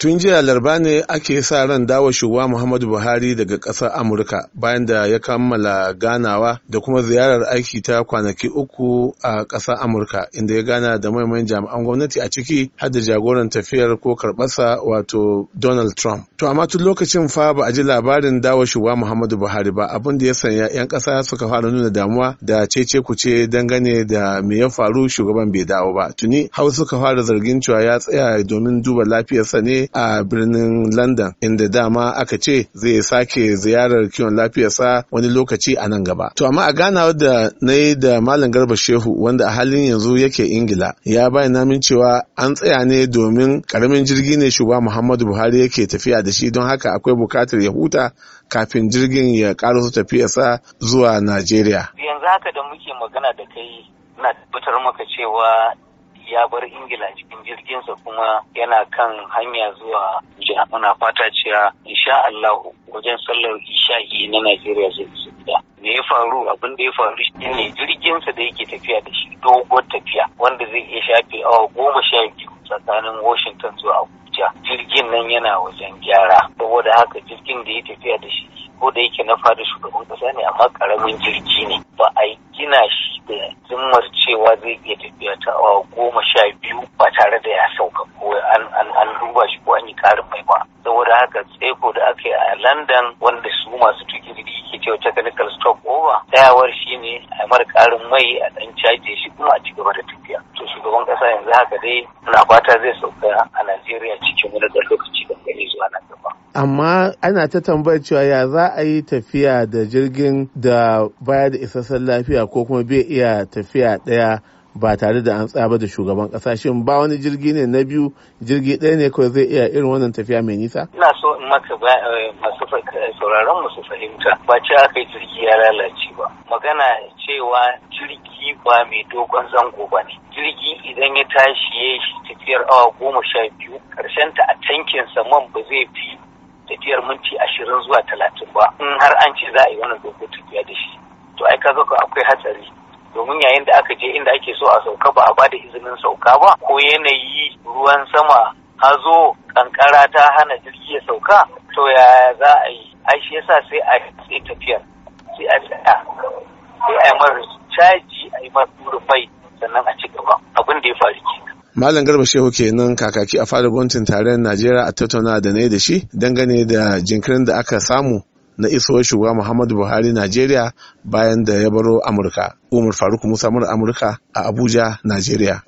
Tun jiya Larba ne ake sa ran dawo shugaba Muhammadu Buhari daga ƙasar Amurka bayan da ya kammala ganawa da kuma ziyarar aiki ta kwanaki uku a ƙasar Amurka inda ya gana da maimain jami'an gwamnati a ciki har da jagoran tafiyar ko karɓarsa wato Donald Trump. To amma tun lokacin fa ba a ji labarin dawo shugaba Muhammadu Buhari ba abin da ya sanya 'yan kasa suka fara nuna damuwa da cece kuce dangane da me ya faru shugaban bai dawo ba. Tuni hau suka fara zargin cewa ya tsaya domin duba lafiyarsa ne a birnin London inda dama aka ce zai sake ziyarar kiwon lafiyarsa wani lokaci a nan gaba. To amma a gana da na yi da Malam Garba Shehu wanda a halin yanzu yake Ingila ya bayyana min cewa an tsaya ne domin karamin jirgi ne shugaba Muhammadu Buhari yake tafiya da shi don haka akwai bukatar ya huta kafin jirgin ya karasu tafiyarsa zuwa Najeriya. Yanzu haka da muke magana da kai na tabbatar maka cewa ya bar ingila cikin jirginsa kuma yana kan hanya zuwa jiha muna fata cewa insha Allah wajen sallar isha'i na Najeriya zai su gida me ya faru abin da ya faru shi ne. jirginsa da yake tafiya da shi dogon tafiya wanda zai iya shafe awa goma sha biyu tsakanin Washington zuwa Abuja jirgin nan yana wajen gyara saboda haka jirgin da ya tafiya da shi ko da yake na fada shugaban kasa ne amma karamin jirgi ne ba a gina shi da zimmar cewa zai iya tafiya ta awa goma sha biyu ba tare da ya sauka ko an duba shi ko an yi karin mai ba saboda haka tseko da aka yi a london wanda su masu tuki jirgi ke cewa technical stop over tsayawar shi ne a mara karin mai a dan caje shi kuma a ci gaba da tafiya to shugaban ƙasa yanzu haka dai muna fata zai sauka a najeriya cikin wani lokaci amma ana ta tambayar cewa ya za a yi tafiya da jirgin da baya da isassan lafiya ko kuma bai iya tafiya ɗaya ba tare da an tsaba da shugaban kasa shin ba wani jirgi ne na biyu jirgi ɗaya ne kawai zai iya irin wannan tafiya mai nisa ina so in maka ba eh, masu eh, sauraron masu fahimta ba ce aka yi jirgi ya lalace ba magana cewa jirgi ba mai dogon zango ba ne jirgi idan ya tashi ya yi tafiyar awa goma sha biyu ƙarshen ta a tankin man ba zai fi tafiyar minti ashirin zuwa talatin ba in har an ce za a yi wannan dogon tafiya da shi to ai kaga ko akwai hatsari domin yayin da aka je inda ake so a sauka ba a ba da izinin sauka ba ko yanayi ruwan sama zo kankara ta hana jirgi ya sauka to ya za a yi ai shi yasa sai a sai tafiyar sai a tsaya sai a yi mara caji a yi mara rufai Malam Garba Shehu kenan kakaki a fadar gwamnatin tarayyar Najeriya a tattauna da na da shi dangane da jinkirin da aka samu na isowar shugaba Muhammadu Buhari Najeriya bayan da ya baro Amurka. Umar Faruk Musa Amurka a Abuja, Najeriya.